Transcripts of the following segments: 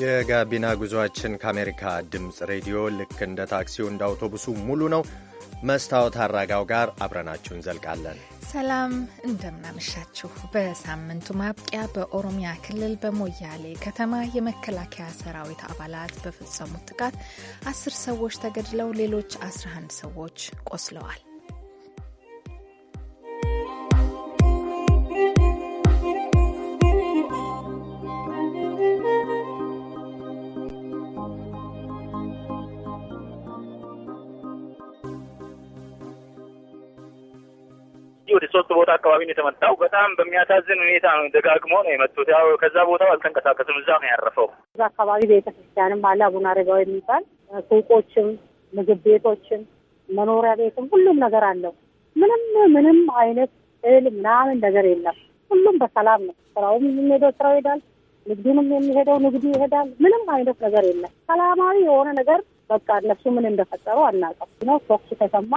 የጋቢና ጉዞአችን ከአሜሪካ ድምፅ ሬዲዮ ልክ እንደ ታክሲው እንደ አውቶቡሱ ሙሉ ነው። መስታወት አራጋው ጋር አብረናችሁ እንዘልቃለን። ሰላም እንደምናመሻችሁ። በሳምንቱ ማብቂያ በኦሮሚያ ክልል በሞያሌ ከተማ የመከላከያ ሰራዊት አባላት በፈጸሙት ጥቃት አስር ሰዎች ተገድለው ሌሎች 11 ሰዎች ቆስለዋል። ወደ ሶስት ቦታ አካባቢ ነው የተመታው። በጣም በሚያሳዝን ሁኔታ ነው። ደጋግሞ ነው የመጡት። ያው ከዛ ቦታው አልተንቀሳቀስም። እዛ ነው ያረፈው። እዛ አካባቢ ቤተክርስቲያንም አለ አቡነ አረጋዊ የሚባል ሱቆችም፣ ምግብ ቤቶችም፣ መኖሪያ ቤትም ሁሉም ነገር አለው። ምንም ምንም አይነት እህል ምናምን ነገር የለም። ሁሉም በሰላም ነው። ስራውም የሚሄደው ስራው ይሄዳል። ንግዱንም የሚሄደው ንግዱ ይሄዳል። ምንም አይነት ነገር የለም። ሰላማዊ የሆነ ነገር በቃ እነሱ ምን እንደፈጠሩ አናውቅም ነው ተሰማ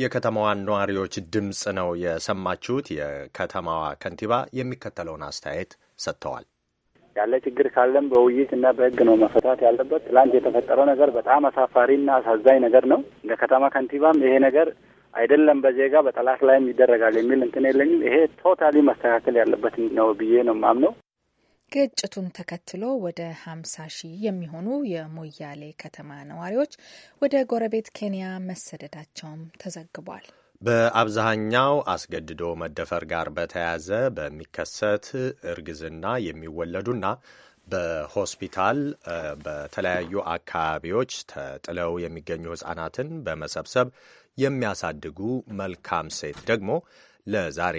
የከተማዋን ነዋሪዎች ድምፅ ነው የሰማችሁት። የከተማዋ ከንቲባ የሚከተለውን አስተያየት ሰጥተዋል። ያለ ችግር ካለም በውይይት እና በሕግ ነው መፈታት ያለበት። ትላንት የተፈጠረው ነገር በጣም አሳፋሪና አሳዛኝ ነገር ነው። እንደ ከተማ ከንቲባም ይሄ ነገር አይደለም በዜጋ በጠላት ላይም ይደረጋል የሚል እንትን የለኝም። ይሄ ቶታሊ መስተካከል ያለበት ነው ብዬ ነው የማምነው። ግጭቱን ተከትሎ ወደ 50 ሺህ የሚሆኑ የሞያሌ ከተማ ነዋሪዎች ወደ ጎረቤት ኬንያ መሰደዳቸውም ተዘግቧል። በአብዛኛው አስገድዶ መደፈር ጋር በተያያዘ በሚከሰት እርግዝና የሚወለዱና በሆስፒታል በተለያዩ አካባቢዎች ተጥለው የሚገኙ ሕጻናትን በመሰብሰብ የሚያሳድጉ መልካም ሴት ደግሞ ለዛሬ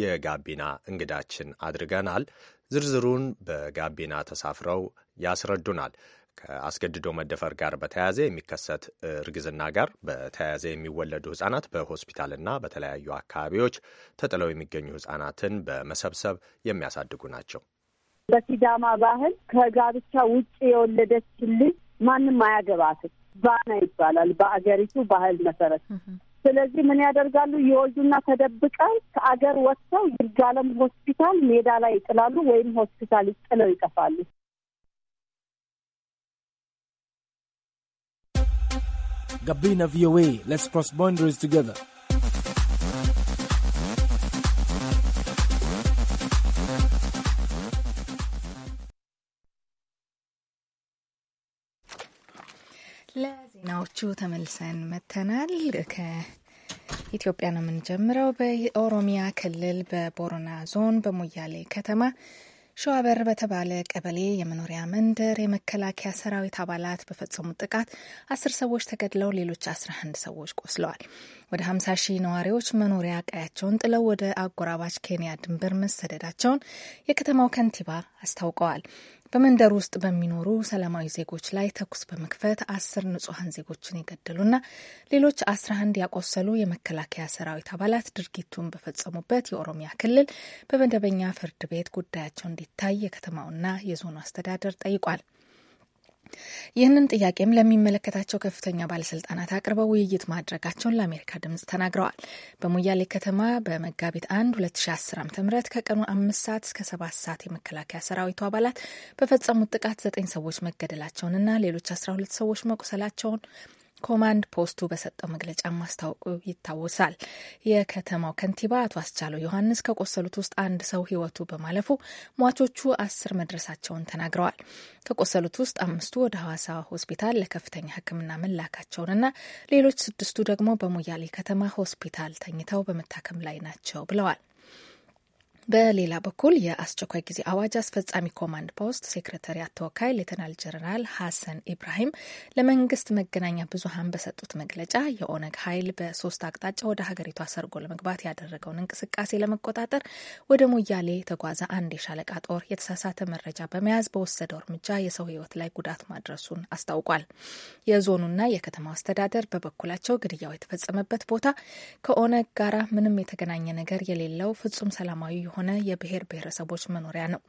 የጋቢና እንግዳችን አድርገናል። ዝርዝሩን በጋቢና ተሳፍረው ያስረዱናል። ከአስገድዶ መደፈር ጋር በተያያዘ የሚከሰት እርግዝና ጋር በተያያዘ የሚወለዱ ህጻናት በሆስፒታልና በተለያዩ አካባቢዎች ተጥለው የሚገኙ ህጻናትን በመሰብሰብ የሚያሳድጉ ናቸው። በሲዳማ ባህል ከጋብቻ ውጭ የወለደች ልጅ ማንም አያገባትም። ባና ይባላል በአገሪቱ ባህል መሰረት። ስለዚህ ምን ያደርጋሉ? ይወልዱና ተደብቀው ከአገር ወጥተው ይርጋለም ሆስፒታል ሜዳ ላይ ይጥላሉ፣ ወይም ሆስፒታል ጥለው ይጠፋሉ። Gabina VOA. Let's cross boundaries together. ዜናዎቹ ተመልሰን መተናል። ከኢትዮጵያ ነው የምንጀምረው። በኦሮሚያ ክልል በቦረና ዞን በሞያሌ ከተማ ሸዋበር በተባለ ቀበሌ የመኖሪያ መንደር የመከላከያ ሰራዊት አባላት በፈጸሙት ጥቃት አስር ሰዎች ተገድለው ሌሎች አስራ አንድ ሰዎች ቆስለዋል። ወደ ሀምሳ ሺህ ነዋሪዎች መኖሪያ ቀያቸውን ጥለው ወደ አጎራባች ኬንያ ድንበር መሰደዳቸውን የከተማው ከንቲባ አስታውቀዋል። በመንደር ውስጥ በሚኖሩ ሰላማዊ ዜጎች ላይ ተኩስ በመክፈት አስር ንጹሐን ዜጎችን የገደሉና ሌሎች አስራ አንድ ያቆሰሉ የመከላከያ ሰራዊት አባላት ድርጊቱን በፈጸሙበት የኦሮሚያ ክልል በመደበኛ ፍርድ ቤት ጉዳያቸው እንዲታይ የከተማውና የዞኑ አስተዳደር ጠይቋል። ይህንን ጥያቄም ለሚመለከታቸው ከፍተኛ ባለስልጣናት አቅርበው ውይይት ማድረጋቸውን ለአሜሪካ ድምጽ ተናግረዋል። በሞያሌ ከተማ በመጋቢት 1 2010 ዓ ም ከቀኑ አምስት ሰዓት እስከ ሰባት ሰዓት የመከላከያ ሰራዊቱ አባላት በፈጸሙት ጥቃት ዘጠኝ ሰዎች መገደላቸውንና ሌሎች 12 ሰዎች መቁሰላቸውን ኮማንድ ፖስቱ በሰጠው መግለጫ ማስታወቁ ይታወሳል። የከተማው ከንቲባ አቶ አስቻለው ዮሐንስ ከቆሰሉት ውስጥ አንድ ሰው ህይወቱ በማለፉ ሟቾቹ አስር መድረሳቸውን ተናግረዋል። ከቆሰሉት ውስጥ አምስቱ ወደ ሐዋሳ ሆስፒታል ለከፍተኛ ሕክምና መላካቸውንና ሌሎች ስድስቱ ደግሞ በሞያሌ ከተማ ሆስፒታል ተኝተው በመታከም ላይ ናቸው ብለዋል። በሌላ በኩል የአስቸኳይ ጊዜ አዋጅ አስፈጻሚ ኮማንድ ፖስት ሴክሬታሪያት ተወካይ ሌተናል ጀነራል ሀሰን ኢብራሂም ለመንግስት መገናኛ ብዙሀን በሰጡት መግለጫ የኦነግ ኃይል በሶስት አቅጣጫ ወደ ሀገሪቷ ሰርጎ ለመግባት ያደረገውን እንቅስቃሴ ለመቆጣጠር ወደ ሞያሌ የተጓዘ አንድ የሻለቃ ጦር የተሳሳተ መረጃ በመያዝ በወሰደው እርምጃ የሰው ህይወት ላይ ጉዳት ማድረሱን አስታውቋል። የዞኑና የከተማው አስተዳደር በበኩላቸው ግድያው የተፈጸመበት ቦታ ከኦነግ ጋራ ምንም የተገናኘ ነገር የሌለው ፍጹም ሰላማዊ የሆነ የብሔር ብሔረሰቦች መኖሪያ ነው።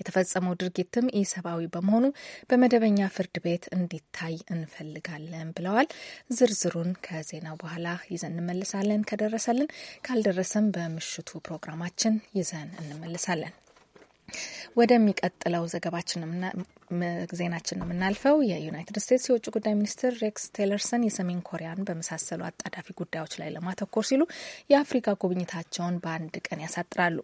የተፈጸመው ድርጊትም ኢሰብአዊ በመሆኑ በመደበኛ ፍርድ ቤት እንዲታይ እንፈልጋለን ብለዋል። ዝርዝሩን ከዜናው በኋላ ይዘን እንመልሳለን። ከደረሰልን ካልደረሰም በምሽቱ ፕሮግራማችን ይዘን እንመልሳለን። ወደሚቀጥለው ዘገባችንም ዜናችን ነው የምናልፈው። የዩናይትድ ስቴትስ የውጭ ጉዳይ ሚኒስትር ሬክስ ቴለርሰን የሰሜን ኮሪያን በመሳሰሉ አጣዳፊ ጉዳዮች ላይ ለማተኮር ሲሉ የአፍሪካ ጉብኝታቸውን በአንድ ቀን ያሳጥራሉ።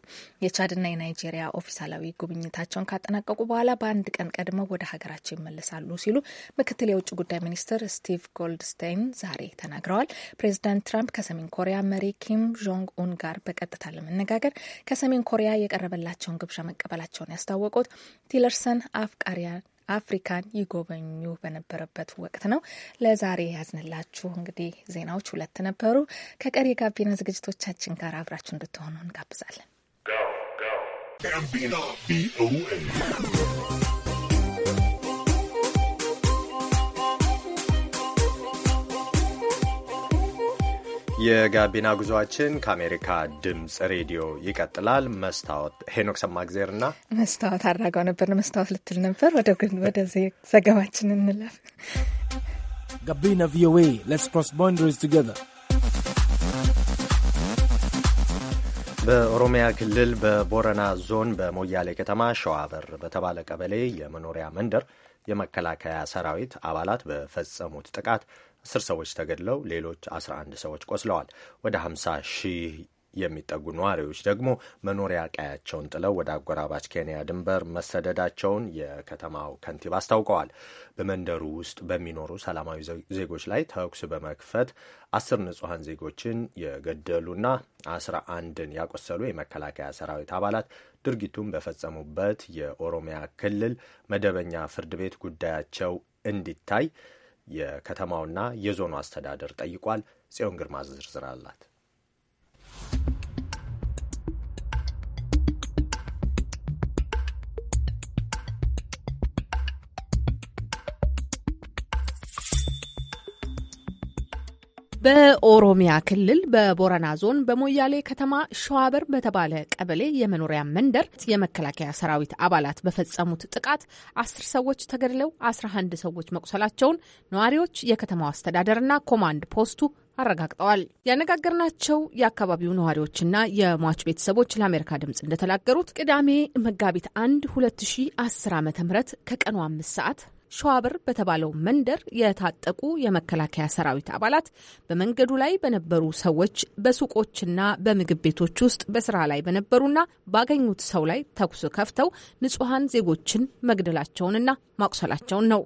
የቻድና የናይጄሪያ ኦፊሳላዊ ጉብኝታቸውን ካጠናቀቁ በኋላ በአንድ ቀን ቀድመው ወደ ሀገራቸው ይመለሳሉ ሲሉ ምክትል የውጭ ጉዳይ ሚኒስትር ስቲቭ ጎልድስታይን ዛሬ ተናግረዋል። ፕሬዚዳንት ትራምፕ ከሰሜን ኮሪያ መሪ ኪም ጆንግ ኡን ጋር በቀጥታ ለመነጋገር ከሰሜን ኮሪያ የቀረበላቸውን ግብዣ መቀበላቸውን ያስታወቁት ቴለርሰን አፍቃሪያ አፍሪካን ይጎበኙ በነበረበት ወቅት ነው። ለዛሬ ያዝንላችሁ እንግዲህ ዜናዎች ሁለት ነበሩ። ከቀሪ የጋቢና ዝግጅቶቻችን ጋር አብራችሁ እንድትሆኑ እንጋብዛለን። የጋቢና ጉዞአችን ከአሜሪካ ድምፅ ሬዲዮ ይቀጥላል። መስታወት ሄኖክ ሰማእግዜር እና መስታወት አድራጋው ነበር። መስታወት ልትል ነበር። ወደ ወደ ዘገባችን እንለፍ። ጋቢና ቪኦኤ ሌትስ ክሮስ ቦንደሪስ ቱጌዘር በኦሮሚያ ክልል በቦረና ዞን በሞያሌ ከተማ ሸዋበር በተባለ ቀበሌ የመኖሪያ መንደር የመከላከያ ሰራዊት አባላት በፈጸሙት ጥቃት አስር ሰዎች ተገድለው ሌሎች 11 ሰዎች ቆስለዋል። ወደ 50 ሺህ የሚጠጉ ነዋሪዎች ደግሞ መኖሪያ ቀያቸውን ጥለው ወደ አጎራባች ኬንያ ድንበር መሰደዳቸውን የከተማው ከንቲባ አስታውቀዋል። በመንደሩ ውስጥ በሚኖሩ ሰላማዊ ዜጎች ላይ ተኩስ በመክፈት አስር ንጹሐን ዜጎችን የገደሉና አስራ አንድን ያቆሰሉ የመከላከያ ሰራዊት አባላት ድርጊቱን በፈጸሙበት የኦሮሚያ ክልል መደበኛ ፍርድ ቤት ጉዳያቸው እንዲታይ የከተማውና የዞኑ አስተዳደር ጠይቋል። ጽዮን ግርማ ዝርዝር አላት። በኦሮሚያ ክልል በቦረና ዞን በሞያሌ ከተማ ሸዋበር በተባለ ቀበሌ የመኖሪያ መንደር የመከላከያ ሰራዊት አባላት በፈጸሙት ጥቃት አስር ሰዎች ተገድለው አስራ አንድ ሰዎች መቁሰላቸውን ነዋሪዎች፣ የከተማው አስተዳደርና ኮማንድ ፖስቱ አረጋግጠዋል። ያነጋገርናቸው የአካባቢው ነዋሪዎችና የሟች ቤተሰቦች ለአሜሪካ ድምፅ እንደተናገሩት ቅዳሜ መጋቢት አንድ 2010 ዓ ም ከቀኑ አምስት ሰዓት ሸዋብር በተባለው መንደር የታጠቁ የመከላከያ ሰራዊት አባላት በመንገዱ ላይ በነበሩ ሰዎች፣ በሱቆችና በምግብ ቤቶች ውስጥ በስራ ላይ በነበሩና ባገኙት ሰው ላይ ተኩስ ከፍተው ንጹሐን ዜጎችን መግደላቸውንና ማቁሰላቸውን ነው።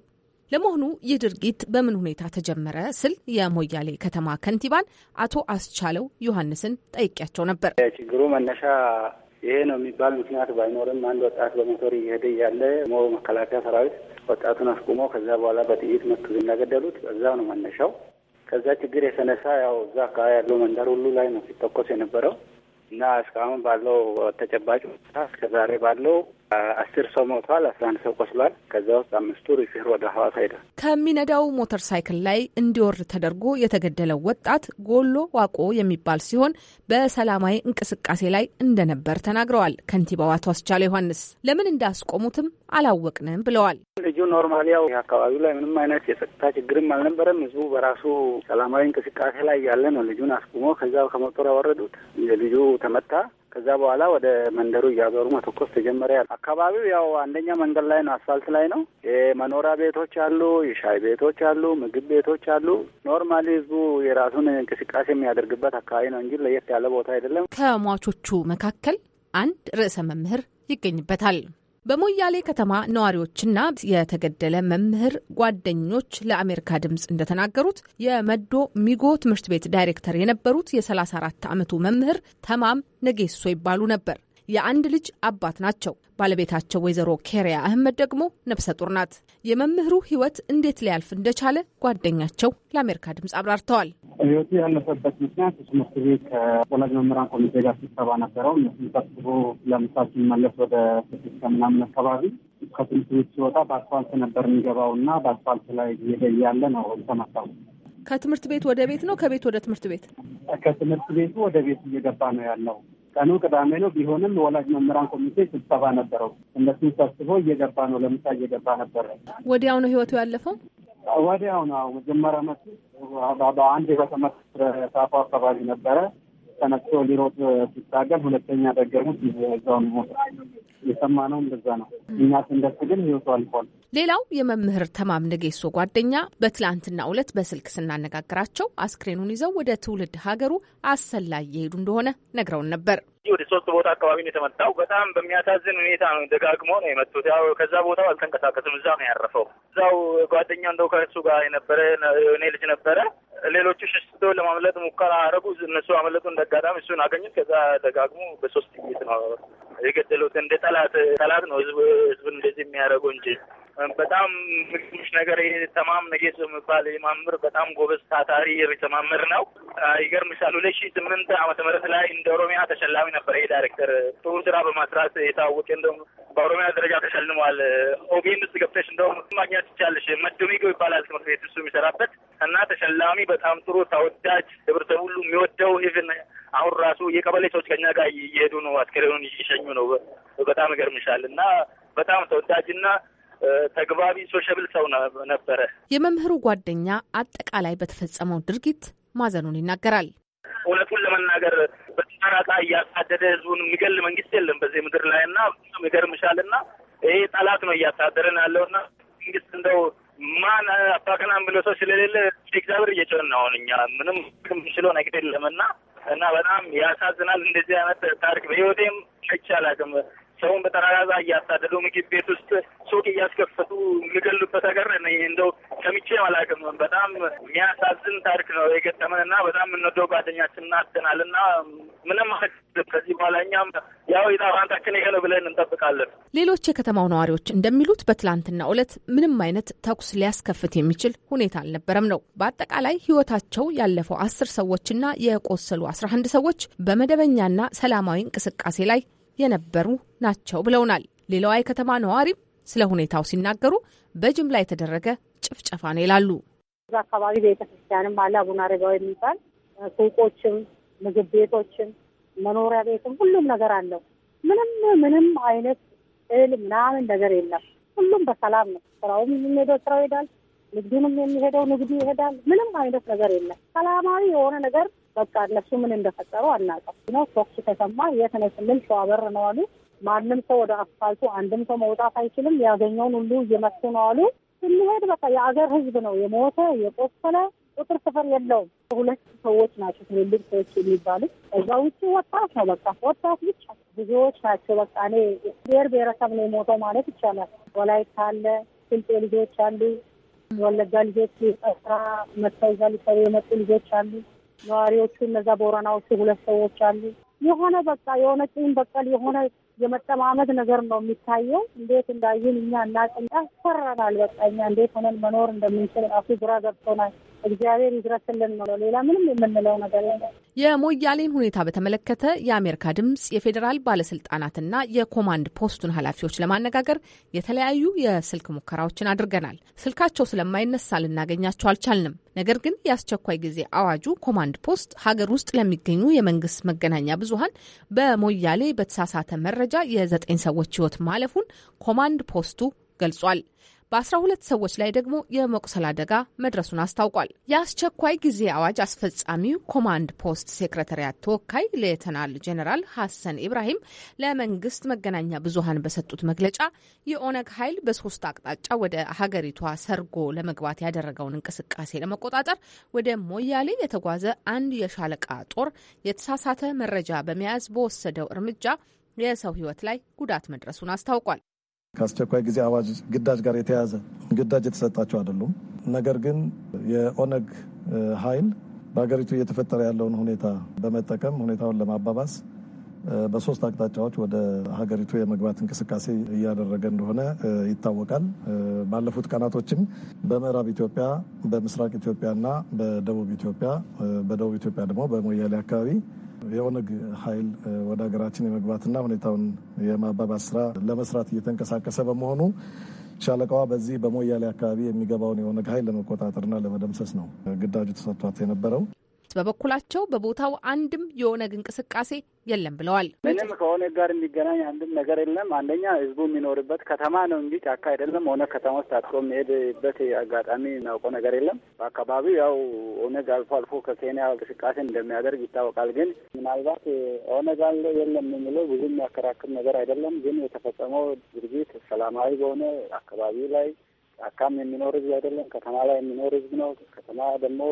ለመሆኑ ይህ ድርጊት በምን ሁኔታ ተጀመረ ስል የሞያሌ ከተማ ከንቲባን አቶ አስቻለው ዮሐንስን ጠይቄያቸው ነበር። ችግሩ መነሻ ይሄ ነው የሚባል ምክንያት ባይኖርም አንድ ወጣት በሞተር እየሄደ እያለ ሞ መከላከያ ሰራዊት ወጣቱን አስቁመው ከዛ በኋላ በጥይት መቱ ዝናገደሉት እዛው ነው መነሻው። ከዛ ችግር የተነሳ ያው እዛ አካባቢ ያለው መንደር ሁሉ ላይ ነው ሲተኮስ የነበረው እና እስካሁን ባለው ተጨባጭ እስከ ዛሬ ባለው አስር ሰው ሞቷል። አስራ አንድ ሰው ቆስሏል። ከዛ ውስጥ አምስቱ ሪፌር ወደ ሐዋሳ ሄደ። ከሚነዳው ሞተር ሳይክል ላይ እንዲወርድ ተደርጎ የተገደለው ወጣት ጎሎ ዋቆ የሚባል ሲሆን በሰላማዊ እንቅስቃሴ ላይ እንደነበር ተናግረዋል። ከንቲባው አቶ አስቻለ ዮሐንስ ለምን እንዳስቆሙትም አላወቅንም ብለዋል። ልጁ ኖርማል ያው አካባቢው ላይ ምንም አይነት የጸጥታ ችግርም አልነበረም። ህዝቡ በራሱ ሰላማዊ እንቅስቃሴ ላይ ያለ ነው። ልጁን አስቁሞ ከዛ ከሞተር ያወረዱት ልጁ ተመታ። ከዛ በኋላ ወደ መንደሩ እያዞሩ መተኮስ ተጀመረ። አካባቢው ያው አንደኛ መንገድ ላይ ነው፣ አስፋልት ላይ ነው። የመኖሪያ ቤቶች አሉ፣ የሻይ ቤቶች አሉ፣ ምግብ ቤቶች አሉ። ኖርማሊ ህዝቡ የራሱን እንቅስቃሴ የሚያደርግበት አካባቢ ነው እንጂ ለየት ያለ ቦታ አይደለም። ከሟቾቹ መካከል አንድ ርዕሰ መምህር ይገኝበታል። በሞያሌ ከተማ ነዋሪዎችና የተገደለ መምህር ጓደኞች ለአሜሪካ ድምፅ እንደተናገሩት የመዶ ሚጎ ትምህርት ቤት ዳይሬክተር የነበሩት የ34 ዓመቱ መምህር ተማም ነጌሶ ይባሉ ነበር። የአንድ ልጅ አባት ናቸው። ባለቤታቸው ወይዘሮ ኬሪያ አህመድ ደግሞ ነፍሰ ጡር ናት። የመምህሩ ህይወት እንዴት ሊያልፍ እንደቻለ ጓደኛቸው ለአሜሪካ ድምፅ አብራርተዋል። ህይወቱ ያለፈበት ምክንያት ትምህርት ቤት ከወላጅ መምህራን ኮሚቴ ጋር ስብሰባ ነበረው። እነሱም ሰብስቦ ለምሳ ሲመለስ ወደ ስድስት ከምናምን አካባቢ ከትምህርት ቤት ሲወጣ በአስፋልት ነበር የሚገባው እና በአስፋልት ላይ እየሄደ እያለ ነው የተመታው። ከትምህርት ቤት ወደ ቤት ነው? ከቤት ወደ ትምህርት ቤት? ከትምህርት ቤቱ ወደ ቤት እየገባ ነው ያለው። ቀኑ ቅዳሜ ነው። ቢሆንም ወላጅ መምህራን ኮሚቴ ስብሰባ ነበረው። እነሱን ሰብስቦ እየገባ ነው፣ ለምሳ እየገባ ነበረ። ወዲያው ነው ህይወቱ ያለፈው። ወዲያው ነው መጀመሪያ መ በአንድ በተመስረ ሳፋ አካባቢ ነበረ ተነስቶ ሊሮጥ ሲታገል፣ ሁለተኛ ደገሙት እዛው ሞት። የሰማ ነው እንደዛ ነው። እኛ ስንደርስ ግን ህይወቱ አልፏል። ሌላው የመምህር ተማም ንጌሶ ጓደኛ በትላንትና ዕለት በስልክ ስናነጋግራቸው አስክሬኑን ይዘው ወደ ትውልድ ሀገሩ አሰላይ እየሄዱ እንደሆነ ነግረውን ነበር። ወደ ሶስት ቦታ አካባቢ ነው የተመጣው። በጣም በሚያሳዝን ሁኔታ ነው። ደጋግሞ ነው የመጡት። ያው ከዛ ቦታው አልተንቀሳቀስም። እዛ ነው ያረፈው። እዛው ጓደኛው እንደው ከእሱ ጋር የነበረ እኔ ልጅ ነበረ ሌሎቹ ሸሽቶ ለማምለጥ ሙከራ አረጉ። እነሱ አመለጡ። እንደ አጋጣሚ እሱን አገኙት። ከዛ ደጋግሞ በሶስት ጥይት ነው የገደሉት። እንደ ጠላት ጠላት ነው ህዝብ ህዝብን እንደዚህ የሚያደርገው እንጂ በጣም ምሽ ነገር ተማም ነጌሶ የሚባል የማምር በጣም ጎበዝ ታታሪ የተማምር ነው። ይገርምሻል ሁለት ሺ ስምንት አመተ ምህረት ላይ እንደ ኦሮሚያ ተሸላሚ ነበር። ይሄ ዳይሬክተር ጥሩ ስራ በማስራት የታወቀ እንደውም በኦሮሚያ ደረጃ ተሸልሟል። ኦቤን ውስጥ ገብተሽ እንደውም ማግኘት ትቻለሽ። መዶሚጎ ይባላል ትምህርት ቤት እሱ የሚሰራበት እና ተሸላሚ በጣም ጥሩ ተወዳጅ፣ ህብረተሰቡ ሁሉ የሚወደው ኢቭን አሁን ራሱ የቀበሌ ሰዎች ከኛ ጋር እየሄዱ ነው፣ አስከሬኑን እየሸኙ ነው። በጣም ይገርምሻል እና በጣም ተወዳጅና ተግባቢ ሶሸብል ሰው ነበረ። የመምህሩ ጓደኛ አጠቃላይ በተፈጸመው ድርጊት ማዘኑን ይናገራል። እውነቱን ለመናገር በተራጣ እያሳደደ ህዝቡን የሚገል መንግስት የለም በዚህ ምድር ላይ እና ይገርምሻል እና ይሄ ጠላት ነው እያሳደረን ያለው እና መንግስት እንደው ማን አባከናም ብሎ ሰው ስለሌለ እግዚአብሔር እየጮህን ነው። አሁን እኛ ምንም ምንችለው ነገር የለም እና እና በጣም ያሳዝናል። እንደዚህ አይነት ታሪክ በህይወቴም አይቼ አላውቅም። ሰውን በጠራራዛ እያሳደዱ ምግብ ቤት ውስጥ ሱቅ እያስከፈቱ የሚገሉበት ሀገር እንደው ሰምቼ አላውቅም። በጣም የሚያሳዝን ታሪክ ነው የገጠመን እና በጣም የምንወደው ጓደኛችን እናትናል እና ምንም ከዚህ በኋላ እኛም ያው የጣፋንታችን ይሄ ነው ብለን እንጠብቃለን። ሌሎች የከተማው ነዋሪዎች እንደሚሉት በትላንትና ዕለት ምንም አይነት ተኩስ ሊያስከፍት የሚችል ሁኔታ አልነበረም ነው። በአጠቃላይ ህይወታቸው ያለፈው አስር ሰዎችና የቆሰሉ አስራ አንድ ሰዎች በመደበኛና ሰላማዊ እንቅስቃሴ ላይ የነበሩ ናቸው ብለውናል። ሌላዋ የከተማ ነዋሪም ስለ ሁኔታው ሲናገሩ በጅምላ የተደረገ ጭፍጨፋ ነው ይላሉ። እዛ አካባቢ ቤተክርስቲያንም አለ አቡነ አረጋዊ የሚባል ሱቆችም፣ ምግብ ቤቶችም፣ መኖሪያ ቤትም ሁሉም ነገር አለው። ምንም ምንም አይነት እህል ምናምን ነገር የለም። ሁሉም በሰላም ነው። ስራውም የሚሄደው ስራው ይሄዳል፣ ንግዱንም የሚሄደው ንግዱ ይሄዳል። ምንም አይነት ነገር የለም። ሰላማዊ የሆነ ነገር በቃ እነሱ ምን እንደፈጠሩ አናውቅም ነው። ቶክስ ተሰማ የት ነው ስንል ሸዋበር ነው አሉ። ማንም ሰው ወደ አስፋልቱ አንድም ሰው መውጣት አይችልም። ያገኘውን ሁሉ እየመቱ ነው አሉ። ስንሄድ በቃ የአገር ህዝብ ነው የሞተ የቆሰለ ቁጥር ስፍር የለውም። ሁለት ሰዎች ናቸው ትልልቅ ሰዎች የሚባሉት። እዛ ውጭ ወጣት ነው በቃ ወጣት ብቻ ብዙዎች ናቸው። በቃ እኔ ብሔር ብሔረሰብ ነው የሞተው ማለት ይቻላል። ወላይታ አለ፣ ስልጤ ልጆች አሉ፣ ወለጋ ልጆች ስራ መታይዛ ሊሰሩ የመጡ ልጆች አሉ ነዋሪዎቹ እነዛ ቦረናዎቹ ሁለት ሰዎች አሉ። የሆነ በቃ የሆነ ቂም በቀል የሆነ የመጠማመድ ነገር ነው የሚታየው። እንዴት እንዳዩን እኛ እናቅም፣ ያስፈራናል። በቃ እኛ እንዴት ሆነን መኖር እንደምንችል ራሱ ግራ ገብቶናል። እግዚአብሔር ይድረስልን ነው፣ ሌላ ምንም የምንለው ነገር የለም። የሞያሌን ሁኔታ በተመለከተ የአሜሪካ ድምጽ የፌዴራል ባለስልጣናትና የኮማንድ ፖስቱን ኃላፊዎች ለማነጋገር የተለያዩ የስልክ ሙከራዎችን አድርገናል። ስልካቸው ስለማይነሳ ልናገኛቸው አልቻልንም። ነገር ግን የአስቸኳይ ጊዜ አዋጁ ኮማንድ ፖስት ሀገር ውስጥ ለሚገኙ የመንግስት መገናኛ ብዙሀን በሞያሌ በተሳሳተ መረጃ የዘጠኝ ሰዎች ህይወት ማለፉን ኮማንድ ፖስቱ ገልጿል። በ12 ሰዎች ላይ ደግሞ የመቁሰል አደጋ መድረሱን አስታውቋል። የአስቸኳይ ጊዜ አዋጅ አስፈጻሚው ኮማንድ ፖስት ሴክረታሪያት ተወካይ ሌተናል ጄኔራል ሀሰን ኢብራሂም ለመንግስት መገናኛ ብዙሃን በሰጡት መግለጫ የኦነግ ኃይል በሶስት አቅጣጫ ወደ ሀገሪቷ ሰርጎ ለመግባት ያደረገውን እንቅስቃሴ ለመቆጣጠር ወደ ሞያሌ የተጓዘ አንድ የሻለቃ ጦር የተሳሳተ መረጃ በመያዝ በወሰደው እርምጃ የሰው ሕይወት ላይ ጉዳት መድረሱን አስታውቋል። ከአስቸኳይ ጊዜ አዋጅ ግዳጅ ጋር የተያዘ ግዳጅ የተሰጣቸው አይደሉም። ነገር ግን የኦነግ ኃይል በሀገሪቱ እየተፈጠረ ያለውን ሁኔታ በመጠቀም ሁኔታውን ለማባባስ በሶስት አቅጣጫዎች ወደ ሀገሪቱ የመግባት እንቅስቃሴ እያደረገ እንደሆነ ይታወቃል። ባለፉት ቀናቶችም በምዕራብ ኢትዮጵያ፣ በምስራቅ ኢትዮጵያና በደቡብ ኢትዮጵያ በደቡብ ኢትዮጵያ ደግሞ በሞያሌ አካባቢ የኦነግ ኃይል ወደ ሀገራችን የመግባትና ሁኔታውን የማባባስ ስራ ለመስራት እየተንቀሳቀሰ በመሆኑ ሻለቃዋ በዚህ በሞያሌ አካባቢ የሚገባውን የኦነግ ኃይል ለመቆጣጠርና ለመደምሰስ ነው ግዳጁ ተሰጥቷት የነበረው። በበኩላቸው በቦታው አንድም የኦነግ እንቅስቃሴ የለም ብለዋል። ምንም ከኦነግ ጋር የሚገናኝ አንድም ነገር የለም። አንደኛ ህዝቡ የሚኖርበት ከተማ ነው እንጂ ጫካ አይደለም። ኦነግ ከተማ ውስጥ አጥሮ የሚሄድበት አጋጣሚ እናውቀው ነገር የለም። በአካባቢው ያው ኦነግ አልፎ አልፎ ከኬንያ እንቅስቃሴ እንደሚያደርግ ይታወቃል። ግን ምናልባት ኦነግ አለ የለም የሚለው ብዙ የሚያከራክር ነገር አይደለም። ግን የተፈጸመው ድርጊት ሰላማዊ በሆነ አካባቢው ላይ ጫካም የሚኖር ህዝብ አይደለም። ከተማ ላይ የሚኖር ህዝብ ነው። ከተማ ደግሞ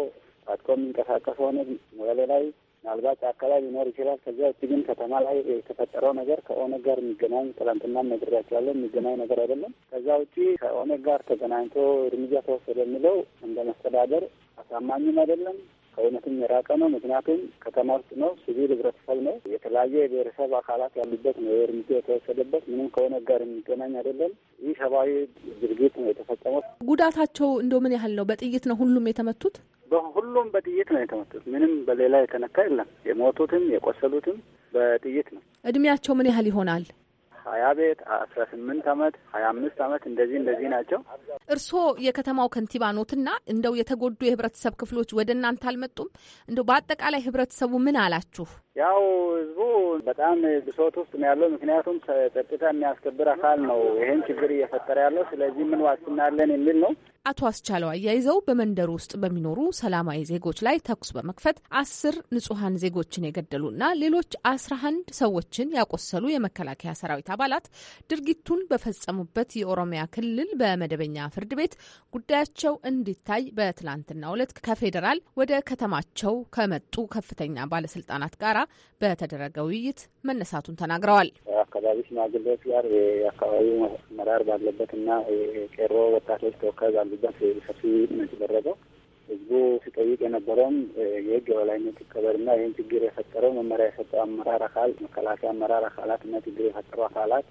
አጥቆ የሚንቀሳቀስ ሆነ መቀሌ ላይ ምናልባት አካባቢ ሊኖር ይችላል። ከዚያ ውጭ ግን ከተማ ላይ የተፈጠረው ነገር ከኦነግ ጋር የሚገናኝ ትላንትና ነግሬያቸዋለሁ፣ የሚገናኝ ነገር አይደለም። ከዛ ውጭ ከኦነግ ጋር ተገናኝቶ እርምጃ ተወሰደ የሚለው እንደ መስተዳደር አሳማኝም አይደለም ከእውነትም የራቀ ነው። ምክንያቱም ከተማ ውስጥ ነው፣ ሲቪል ህብረተሰብ ነው፣ የተለያየ የብሔረሰብ አካላት ያሉበት ነው እርምጃ የተወሰደበት። ምንም ከኦነግ ጋር የሚገናኝ አይደለም። ይህ ሰብአዊ ድርጊት ነው የተፈጸመው። ጉዳታቸው እንደው ምን ያህል ነው? በጥይት ነው ሁሉም የተመቱት? በሁሉም በጥይት ነው የተመቱት። ምንም በሌላ የተነካ የለም። የሞቱትም የቆሰሉትም በጥይት ነው። እድሜያቸው ምን ያህል ይሆናል? ሀያ ቤት አስራ ስምንት አመት ሀያ አምስት አመት እንደዚህ እንደዚህ ናቸው። እርስዎ የከተማው ከንቲባ ኖትና እንደው የተጎዱ የህብረተሰብ ክፍሎች ወደ እናንተ አልመጡም? እንደው በአጠቃላይ ህብረተሰቡ ምን አላችሁ? ያው ህዝቡ በጣም ብሶት ውስጥ ነው ያለው። ምክንያቱም ጸጥታ የሚያስከብር አካል ነው ይህን ችግር እየፈጠረ ያለው። ስለዚህ ምን ዋስትና አለን የሚል ነው። አቶ አስቻለው አያይዘው በመንደሩ ውስጥ በሚኖሩ ሰላማዊ ዜጎች ላይ ተኩስ በመክፈት አስር ንጹሐን ዜጎችን የገደሉና ሌሎች አስራ አንድ ሰዎችን ያቆሰሉ የመከላከያ ሰራዊት አባላት ድርጊቱን በፈጸሙበት የኦሮሚያ ክልል በመደበኛ ፍርድ ቤት ጉዳያቸው እንዲታይ በትላንትናው ዕለት ከፌዴራል ወደ ከተማቸው ከመጡ ከፍተኛ ባለስልጣናት ጋር በተደረገ ውይይት መነሳቱን ተናግረዋል። አካባቢ ሽማግሌዎች ጋር የአካባቢው መራር ባለበት ባለበትና የቄሮ ወጣቶች ተወካይ ባሉበት ሰፊ ነው የተደረገው። ህዝቡ ሲጠይቅ የነበረውም የህግ የበላይነት ይከበር ይከበርና ይህን ችግር የፈጠረው መመሪያ የሰጠው አመራር አካል መከላከያ አመራር አካላት እና ችግር የፈጠሩ አካላት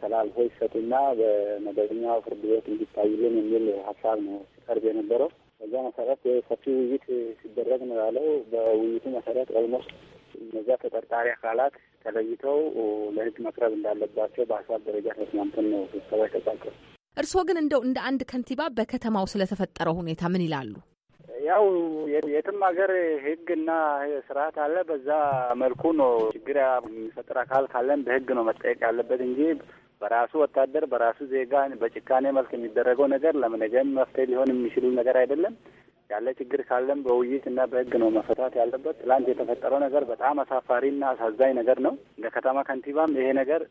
ተላልፎ ይሰጡና በመደበኛው ፍርድ ቤት እንዲታይልን የሚል ሀሳብ ነው ሲቀርብ የነበረው። በዛ መሰረት ሰፊ ውይይት ሲደረግ ነው ያለው። በውይይቱ መሰረት ኦልሞስት እነዚያ ተጠርጣሪ አካላት ተለይተው ለህግ መቅረብ እንዳለባቸው በሀሳብ ደረጃ ተስማምተን ነው ስብሰባ የተጠቀሙ። እርስዎ ግን እንደው እንደ አንድ ከንቲባ በከተማው ስለተፈጠረው ሁኔታ ምን ይላሉ? ያው የትም ሀገር ህግና ስርዓት አለ። በዛ መልኩ ነው ችግር የሚፈጥር አካል ካለን በህግ ነው መጠየቅ ያለበት እንጂ በራሱ ወታደር በራሱ ዜጋ በጭካኔ መልክ የሚደረገው ነገር ለምነገም መፍትሄ ሊሆን የሚችሉ ነገር አይደለም። ያለ ችግር ካለም በውይይት እና በህግ ነው መፈታት ያለበት። ትላንት የተፈጠረው ነገር በጣም አሳፋሪና አሳዛኝ ነገር ነው። እንደ ከተማ ከንቲባም ይሄ ነገር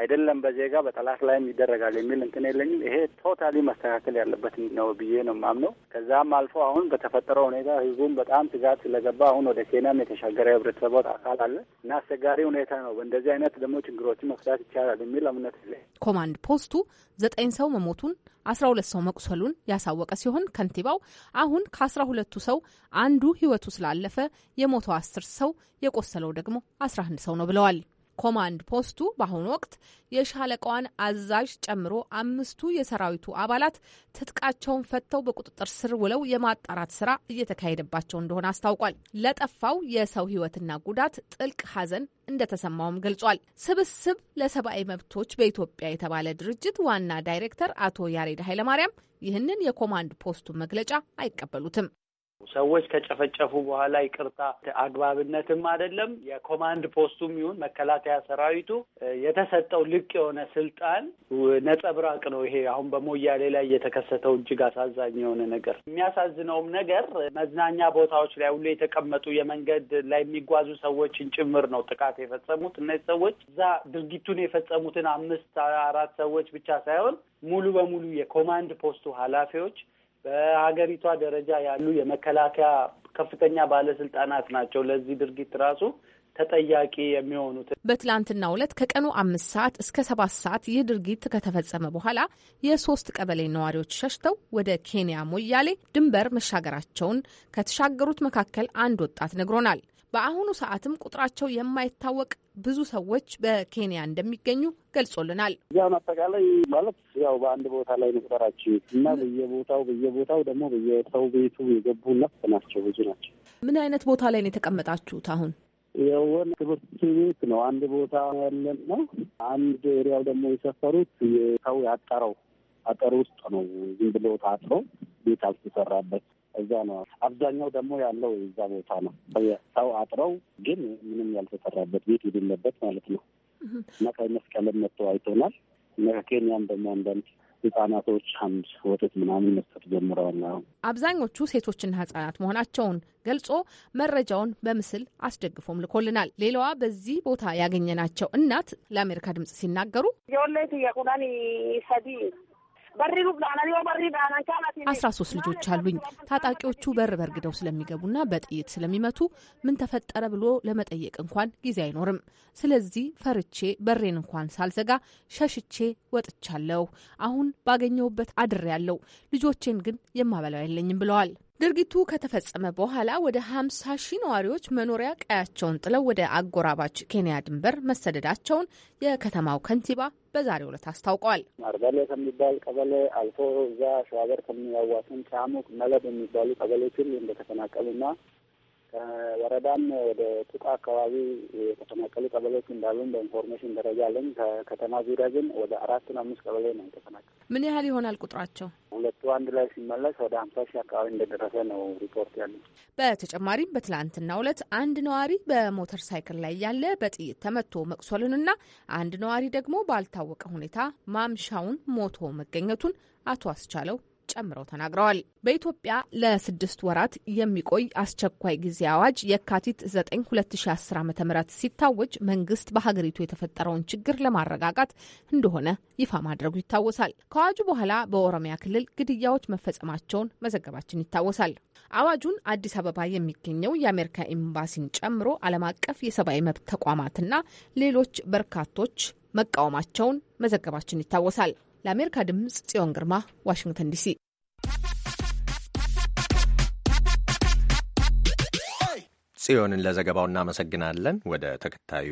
አይደለም በዜጋ በጠላት ላይም ይደረጋል የሚል እንትን የለኝም። ይሄ ቶታሊ መስተካከል ያለበት ነው ብዬ ነው የማምነው። ከዛም አልፎ አሁን በተፈጠረው ሁኔታ ህዝቡም በጣም ስጋት ስለገባ አሁን ወደ ኬንያም የተሻገረ ህብረተሰብ አካል አለ እና አስቸጋሪ ሁኔታ ነው። በእንደዚህ አይነት ደግሞ ችግሮችን መፍታት ይቻላል የሚል እምነት ኮማንድ ፖስቱ ዘጠኝ ሰው መሞቱን አስራ ሁለት ሰው መቁሰሉን ያሳወቀ ሲሆን ከንቲባው አሁን ከአስራ ሁለቱ ሰው አንዱ ህይወቱ ስላለፈ የሞተው አስር ሰው የቆሰለው ደግሞ አስራ አንድ ሰው ነው ብለዋል። ኮማንድ ፖስቱ በአሁኑ ወቅት የሻለቃዋን አዛዥ ጨምሮ አምስቱ የሰራዊቱ አባላት ትጥቃቸውን ፈተው በቁጥጥር ስር ውለው የማጣራት ስራ እየተካሄደባቸው እንደሆነ አስታውቋል። ለጠፋው የሰው ሕይወትና ጉዳት ጥልቅ ሐዘን እንደተሰማውም ገልጿል። ስብስብ ለሰብአዊ መብቶች በኢትዮጵያ የተባለ ድርጅት ዋና ዳይሬክተር አቶ ያሬድ ኃይለማርያም ይህንን የኮማንድ ፖስቱ መግለጫ አይቀበሉትም። ሰዎች ከጨፈጨፉ በኋላ ይቅርታ አግባብነትም አይደለም። የኮማንድ ፖስቱም ይሁን መከላከያ ሰራዊቱ የተሰጠው ልቅ የሆነ ስልጣን ነጸብራቅ ነው። ይሄ አሁን በሞያሌ ላይ የተከሰተው እጅግ አሳዛኝ የሆነ ነገር። የሚያሳዝነውም ነገር መዝናኛ ቦታዎች ላይ ሁሉ የተቀመጡ የመንገድ ላይ የሚጓዙ ሰዎችን ጭምር ነው ጥቃት የፈጸሙት። እነዚህ ሰዎች እዛ ድርጊቱን የፈጸሙትን አምስት አራት ሰዎች ብቻ ሳይሆን ሙሉ በሙሉ የኮማንድ ፖስቱ ኃላፊዎች በሀገሪቷ ደረጃ ያሉ የመከላከያ ከፍተኛ ባለስልጣናት ናቸው ለዚህ ድርጊት ራሱ ተጠያቂ የሚሆኑት። በትላንትና ዕለት ከቀኑ አምስት ሰዓት እስከ ሰባት ሰዓት ይህ ድርጊት ከተፈጸመ በኋላ የሶስት ቀበሌ ነዋሪዎች ሸሽተው ወደ ኬንያ ሞያሌ ድንበር መሻገራቸውን ከተሻገሩት መካከል አንድ ወጣት ነግሮናል። በአሁኑ ሰዓትም ቁጥራቸው የማይታወቅ ብዙ ሰዎች በኬንያ እንደሚገኙ ገልጾልናል። እዚያውን አጠቃላይ ማለት ያው በአንድ ቦታ ላይ ንቁጠራቸው እና በየቦታው በየቦታው ደግሞ በየሰው ቤቱ የገቡ ነፍ ናቸው ብዙ ናቸው። ምን አይነት ቦታ ላይ ነው የተቀመጣችሁት አሁን? የሆነ ትምህርት ቤት ነው አንድ ቦታ ያለን ነው። አንድ ኤሪያው ደግሞ የሰፈሩት የሰው ያጠረው አጠር ውስጥ ነው ዝም ብሎ ታጥሮ ቤት አልተሰራበት እዛ ነው። አብዛኛው ደግሞ ያለው እዛ ቦታ ነው። ሰው አጥረው ግን ምንም ያልተሰራበት ቤት የሌለበት ማለት ነው። እና ቀይ መስቀልም መጥቶ አይቶናል። ከኬንያም ደግሞ አንዳንድ ህጻናቶች አንድ ወተት ምናምን መስጠት ጀምረዋል። አብዛኞቹ ሴቶችና ህጻናት መሆናቸውን ገልጾ መረጃውን በምስል አስደግፎም ልኮልናል። ሌላዋ በዚህ ቦታ ያገኘናቸው እናት ለአሜሪካ ድምጽ ሲናገሩ አስራ ሶስት ልጆች አሉኝ። ታጣቂዎቹ በር በርግደው ስለሚገቡና በጥይት ስለሚመቱ ምን ተፈጠረ ብሎ ለመጠየቅ እንኳን ጊዜ አይኖርም። ስለዚህ ፈርቼ በሬን እንኳን ሳልዘጋ ሸሽቼ ወጥቻለሁ። አሁን ባገኘሁበት ያለው ልጆቼን ግን የማበላው የለኝም ብለዋል። ድርጊቱ ከተፈጸመ በኋላ ወደ 50 ሺህ ነዋሪዎች መኖሪያ ቀያቸውን ጥለው ወደ አጎራባች ኬንያ ድንበር መሰደዳቸውን የከተማው ከንቲባ በዛሬው ዕለት አስታውቋል። ማርበሌ ከሚባል ቀበሌ አልፎ እዛ ሸዋበር ከሚያዋስን ጫሙቅ መለብ የሚባሉ ቀበሌዎች እንደተፈናቀሉና ከወረዳም ወደ ቱቃ አካባቢ የተፈናቀሉ ቀበሌዎች እንዳሉን በኢንፎርሜሽን ደረጃ አለኝ። ከከተማ ዙሪያ ግን ወደ አራትና አምስት ቀበሌ ነው የተፈናቀሉ። ምን ያህል ይሆናል ቁጥራቸው? ሁለቱ አንድ ላይ ሲመለስ ወደ ሀምሳ ሺህ አካባቢ እንደደረሰ ነው ሪፖርት ያለ። በተጨማሪም በትላንትናው ዕለት አንድ ነዋሪ በሞተር ሳይክል ላይ ያለ በጥይት ተመቶ መቁሰሉንና አንድ ነዋሪ ደግሞ ባልታወቀ ሁኔታ ማምሻውን ሞቶ መገኘቱን አቶ አስቻለው ጨምረው ተናግረዋል። በኢትዮጵያ ለስድስት ወራት የሚቆይ አስቸኳይ ጊዜ አዋጅ የካቲት 9 2010 ዓ ም ሲታወጅ መንግስት በሀገሪቱ የተፈጠረውን ችግር ለማረጋጋት እንደሆነ ይፋ ማድረጉ ይታወሳል። ከአዋጁ በኋላ በኦሮሚያ ክልል ግድያዎች መፈጸማቸውን መዘገባችን ይታወሳል። አዋጁን አዲስ አበባ የሚገኘው የአሜሪካ ኤምባሲን ጨምሮ ዓለም አቀፍ የሰብአዊ መብት ተቋማትና ሌሎች በርካቶች መቃወማቸውን መዘገባችን ይታወሳል። ለአሜሪካ ድምፅ ጽዮን ግርማ ዋሽንግተን ዲሲ። ጽዮንን ለዘገባው እናመሰግናለን። ወደ ተከታዩ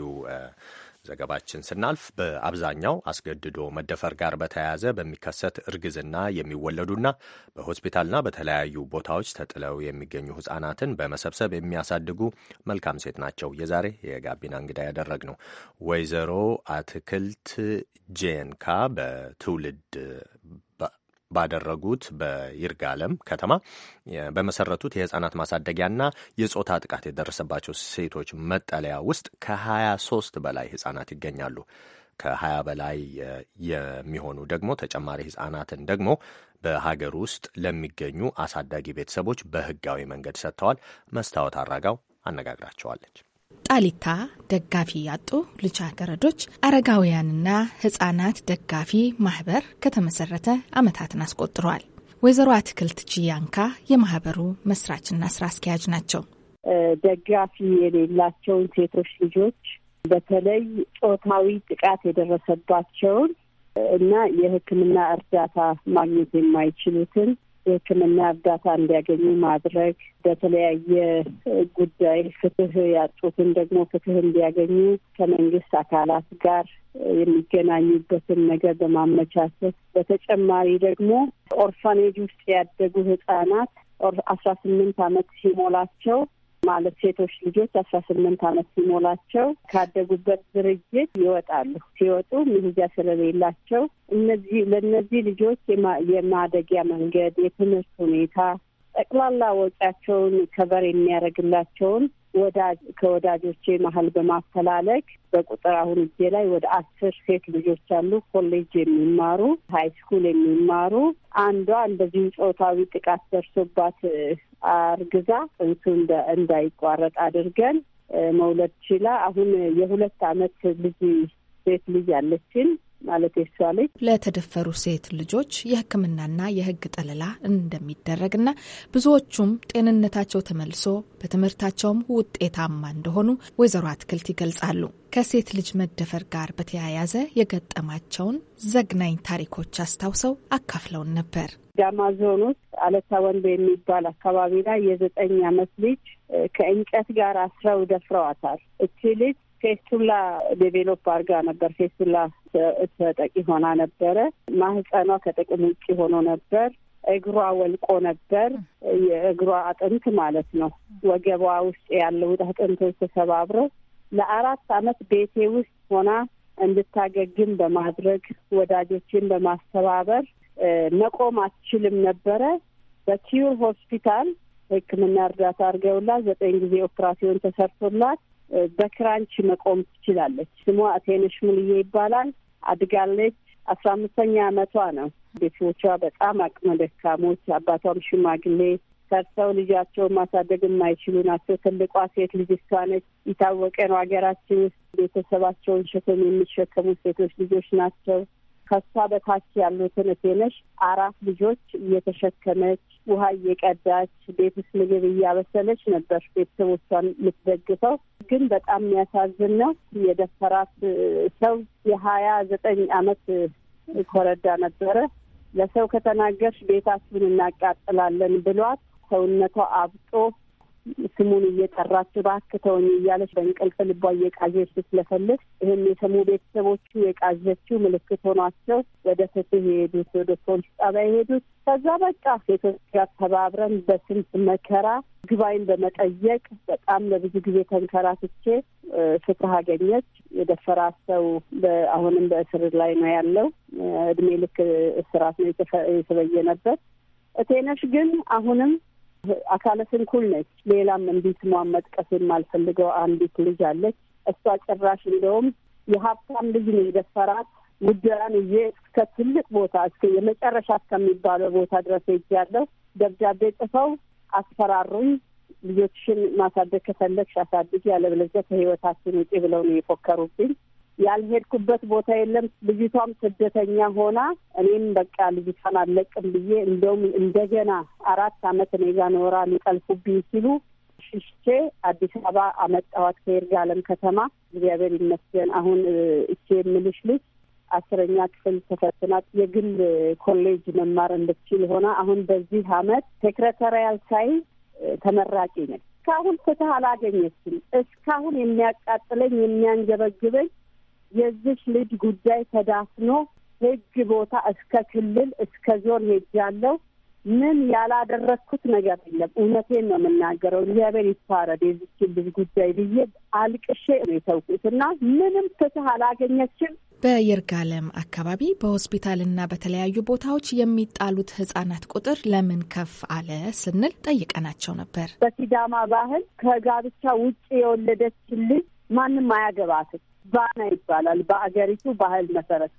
ዘገባችን ስናልፍ በአብዛኛው አስገድዶ መደፈር ጋር በተያያዘ በሚከሰት እርግዝና የሚወለዱና በሆስፒታልና በተለያዩ ቦታዎች ተጥለው የሚገኙ ህጻናትን በመሰብሰብ የሚያሳድጉ መልካም ሴት ናቸው የዛሬ የጋቢና እንግዳ ያደረግ ነው። ወይዘሮ አትክልት ጄንካ በትውልድ ባደረጉት በይርጋለም ከተማ በመሰረቱት የህጻናት ማሳደጊያና የጾታ ጥቃት የደረሰባቸው ሴቶች መጠለያ ውስጥ ከ23 በላይ ህጻናት ይገኛሉ። ከ20 በላይ የሚሆኑ ደግሞ ተጨማሪ ህጻናትን ደግሞ በሀገር ውስጥ ለሚገኙ አሳዳጊ ቤተሰቦች በህጋዊ መንገድ ሰጥተዋል። መስታወት አራጋው አነጋግራቸዋለች። ቃሊታ ደጋፊ ያጡ ልጃገረዶች አረጋውያንና ህጻናት ደጋፊ ማህበር ከተመሰረተ ዓመታትን አስቆጥረዋል። ወይዘሮ አትክልት ጂያንካ የማህበሩ መስራችና ስራ አስኪያጅ ናቸው። ደጋፊ የሌላቸውን ሴቶች ልጆች በተለይ ጾታዊ ጥቃት የደረሰባቸውን እና የሕክምና እርዳታ ማግኘት የማይችሉትን የሕክምና እርዳታ እንዲያገኙ ማድረግ፣ በተለያየ ጉዳይ ፍትህ ያጡትን ደግሞ ፍትህ እንዲያገኙ ከመንግስት አካላት ጋር የሚገናኙበትን ነገር በማመቻቸት በተጨማሪ ደግሞ ኦርፋኔጅ ውስጥ ያደጉ ህጻናት አስራ ስምንት አመት ሲሞላቸው ማለት ሴቶች ልጆች አስራ ስምንት ዓመት ሲሞላቸው ካደጉበት ድርጅት ይወጣሉ። ሲወጡ መሄጃ ስለሌላቸው እነዚህ ለእነዚህ ልጆች የማደጊያ መንገድ፣ የትምህርት ሁኔታ ጠቅላላ ወጪያቸውን ከበር የሚያደርግላቸውን ወዳጅ ከወዳጆቼ መሀል በማፈላለግ በቁጥር አሁን እጄ ላይ ወደ አስር ሴት ልጆች አሉ። ኮሌጅ የሚማሩ ሀይ ስኩል የሚማሩ አንዷ እንደዚሁ ጾታዊ ጥቃት ደርሶባት አርግዛ ጽንሱ እንዳይቋረጥ አድርገን መውለድ ችላ አሁን የሁለት አመት ልጅ ሴት ልጅ አለችን። ማለት የቻለች ለተደፈሩ ሴት ልጆች የሕክምናና የሕግ ጠለላ እንደሚደረግና ብዙዎቹም ጤንነታቸው ተመልሶ በትምህርታቸውም ውጤታማ እንደሆኑ ወይዘሮ አትክልት ይገልጻሉ። ከሴት ልጅ መደፈር ጋር በተያያዘ የገጠማቸውን ዘግናኝ ታሪኮች አስታውሰው አካፍለውን ነበር። ጋማ ዞን ውስጥ አለታ ወንዶ የሚባል አካባቢ ላይ የዘጠኝ አመት ልጅ ከእንጨት ጋር አስረው ደፍረዋታል። እቺ ልጅ ፌስቱላ ዴቬሎፕ አድርጋ ነበር። ፌስቱላ ተጠቂ ሆና ነበረ። ማህፀኗ ከጥቅም ውጭ ሆኖ ነበር። እግሯ ወልቆ ነበር። የእግሯ አጥንት ማለት ነው። ወገቧ ውስጥ ያለው አጥንቶች ተሰባብረው ለአራት አመት ቤቴ ውስጥ ሆና እንድታገግም በማድረግ ወዳጆችን በማስተባበር መቆም አትችልም ነበረ። በኪዩር ሆስፒታል ሕክምና እርዳታ አድርገውላት ዘጠኝ ጊዜ ኦፕራሲዮን ተሰርቶላት በክራንች መቆም ትችላለች። ስሟ አቴነሽ ሙልዬ ይባላል። አድጋለች። አስራ አምስተኛ አመቷ ነው። ቤተሰቦቿ በጣም አቅመ ደካሞች፣ አባቷም ሽማግሌ ሰርተው ልጃቸውን ማሳደግ የማይችሉ ናቸው። ትልቋ ሴት ልጅ እሷ ነች። የታወቀ ነው ሀገራችን ውስጥ ቤተሰባቸውን ሸክም የሚሸከሙ ሴቶች ልጆች ናቸው። ከሷ በታች ያሉትን እቴነሽ አራት ልጆች እየተሸከመች ውሃ እየቀዳች ቤት ውስጥ ምግብ እያበሰለች ነበር ቤተሰቦቿን የምትደግፈው። ግን በጣም የሚያሳዝን ነው። የደፈራት ሰው የሀያ ዘጠኝ አመት ኮረዳ ነበረ። ለሰው ከተናገርሽ ቤታችሁን እናቃጥላለን ብሏት ሰውነቷ አብጦ ስሙን እየጠራች እባክህ ተወኝ እያለች በእንቅልፍ ልቧ እየቃዠች ስትለፈልፍ ይህም የሰሙ ቤተሰቦቹ የቃዠችው ምልክት ሆኗቸው ወደ ፍትህ የሄዱት ወደ ፖሊስ ጣቢያ የሄዱት ከዛ በቃ ሴቶች ተባብረን በስንት መከራ ግባይን በመጠየቅ በጣም ለብዙ ጊዜ ተንከራትቼ ፍትህ አገኘች። የደፈራት ሰው አሁንም በእስር ላይ ነው ያለው። እድሜ ልክ እስራት ነው የተበየነበት። እቴነሽ ግን አሁንም አካለ ስንኩል ነች። ሌላም እንዲህ ስሟን መጥቀስ የማልፈልገው አንዲት ልጅ አለች። እሷ ጭራሽ እንደውም የሀብታም ልጅ ነው የደፈራት ጉዳዩን ይዤ እስከ ትልቅ ቦታ እስከ የመጨረሻ እስከሚባለው ቦታ ድረስ ሄጃለሁ። ደብዳቤ ጽፈው አስፈራሩኝ። ልጆችሽን ማሳደግ ከፈለግሽ አሳድጊ፣ ያለበለዚያ ከህይወታችን ውጪ ብለው ነው የፎከሩብኝ። ያልሄድኩበት ቦታ የለም። ልጅቷም ስደተኛ ሆና እኔም በቃ ልጅቷን አለቅም ብዬ እንደውም እንደገና አራት አመት እኔ ጋ ኖራ ሊጠልፉብኝ ሲሉ ሽሽቼ አዲስ አበባ አመጣዋት ከይርጋለም ከተማ። እግዚአብሔር ይመስገን አሁን እቼ የምልሽ ልጅ አስረኛ ክፍል ተፈትናት የግል ኮሌጅ መማር እንድትችል ሆና አሁን በዚህ አመት ሴክረተሪያል ሳይ ተመራቂ ነች። እስካሁን ፍትህ አላገኘችም። እስካሁን የሚያቃጥለኝ የሚያንገበግበኝ የዚች ልጅ ጉዳይ ተዳፍኖ ህግ ቦታ እስከ ክልል እስከ ዞን ሄጃለሁ። ምን ያላደረግኩት ነገር የለም። እውነቴን ነው የምናገረው። እግዚአብሔር ይፋረድ የዚችን ልጅ ጉዳይ ብዬ አልቅሼ ነው የተውኩት እና ምንም ፍትህ አላገኘችም። በይርጋለም አካባቢ በሆስፒታልና በተለያዩ ቦታዎች የሚጣሉት ህጻናት ቁጥር ለምን ከፍ አለ ስንል ጠይቀናቸው ነበር። በሲዳማ ባህል ከጋብቻ ውጭ የወለደችን ልጅ ማንም አያገባትም። ባና ይባላል በአገሪቱ ባህል መሰረት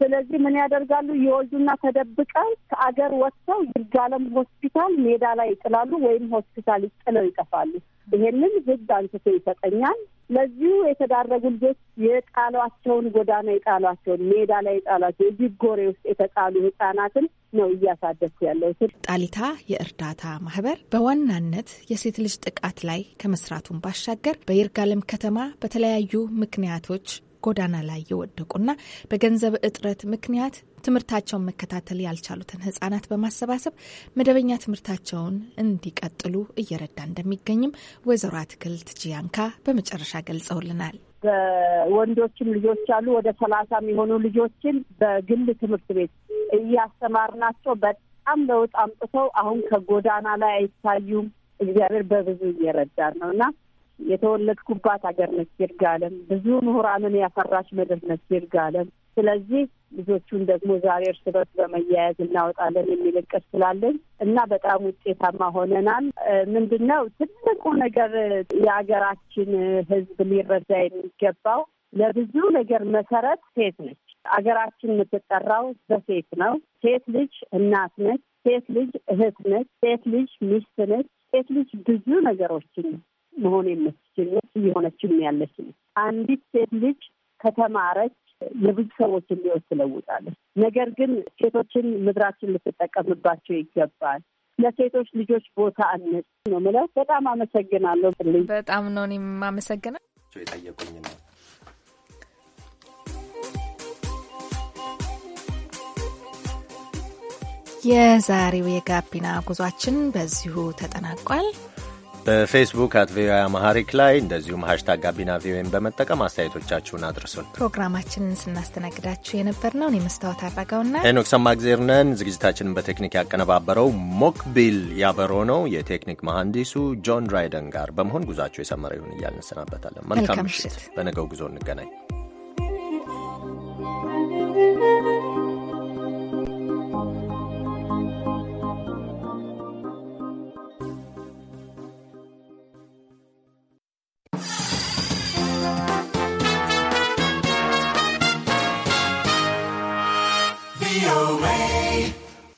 ስለዚህ ምን ያደርጋሉ? የወልዱና ተደብቀው ከአገር ወጥተው ይርጋለም ሆስፒታል ሜዳ ላይ ይጥላሉ፣ ወይም ሆስፒታል ጥለው ይጠፋሉ። ይሄንን ህግ አንስቶ ይሰጠኛል። ለዚሁ የተዳረጉ ልጆች የጣሏቸውን ጎዳና የጣሏቸውን ሜዳ ላይ የጣሏቸው እዚህ ጎሬ ውስጥ የተጣሉ ህጻናትን ነው እያሳደግኩ ያለው። ጣሊታ የእርዳታ ማህበር በዋናነት የሴት ልጅ ጥቃት ላይ ከመስራቱን ባሻገር በይርጋለም ከተማ በተለያዩ ምክንያቶች ጎዳና ላይ የወደቁና በገንዘብ እጥረት ምክንያት ትምህርታቸውን መከታተል ያልቻሉትን ህጻናት በማሰባሰብ መደበኛ ትምህርታቸውን እንዲቀጥሉ እየረዳ እንደሚገኝም ወይዘሮ አትክልት ጂያንካ በመጨረሻ ገልጸውልናል። በወንዶችም ልጆች አሉ። ወደ ሰላሳ የሚሆኑ ልጆችን በግል ትምህርት ቤት እያስተማርናቸው በጣም ለውጥ አምጥተው አሁን ከጎዳና ላይ አይታዩም። እግዚአብሔር በብዙ እየረዳን ነው እና የተወለድኩባት ሀገር ነች ይርጋለም። ብዙ ምሁራንን ያፈራች ምድር ነች ይርጋለም። ስለዚህ ልጆቹን ደግሞ ዛሬ እርስ በርስ በመያያዝ እናወጣለን የሚል እቅድ ስላለን እና በጣም ውጤታማ ሆነናል። ምንድን ነው ትልቁ ነገር የሀገራችን ሕዝብ ሊረዳ የሚገባው ለብዙ ነገር መሰረት ሴት ነች። አገራችን የምትጠራው በሴት ነው። ሴት ልጅ እናት ነች። ሴት ልጅ እህት ነች። ሴት ልጅ ሚስት ነች። ሴት ልጅ ብዙ ነገሮችን መሆን የምትችል እየሆነችም ያለች ነው። አንዲት ሴት ልጅ ከተማረች የብዙ ሰዎችን ሕይወት ትለውጣለች። ነገር ግን ሴቶችን ምድራችን ልትጠቀምባቸው ይገባል። ለሴቶች ልጆች ቦታ አነጽ ነው ምለው። በጣም አመሰግናለሁ። ልኝ በጣም ነው እኔም አመሰግናለሁ የጠየቁኝ ነው። የዛሬው የጋቢና ጉዟችን በዚሁ ተጠናቋል። በፌስቡክ አት ቪኦኤ አማሃሪክ ላይ እንደዚሁም ሀሽታግ ጋቢና ቪኦኤን በመጠቀም አስተያየቶቻችሁን አድርሱን። ፕሮግራማችንን ስናስተናግዳችሁ የነበርነው እኔ መስታወት አድረገውና ሄኖክ ሰማግዜር ነን። ዝግጅታችንን በቴክኒክ ያቀነባበረው ሞክቢል ያበሮ ነው። የቴክኒክ መሐንዲሱ ጆን ራይደን ጋር በመሆን ጉዟችሁ የሰመረ ይሁን እያልን እንሰናበታለን። መልካም ምሽት። በነገው ጉዞ እንገናኝ።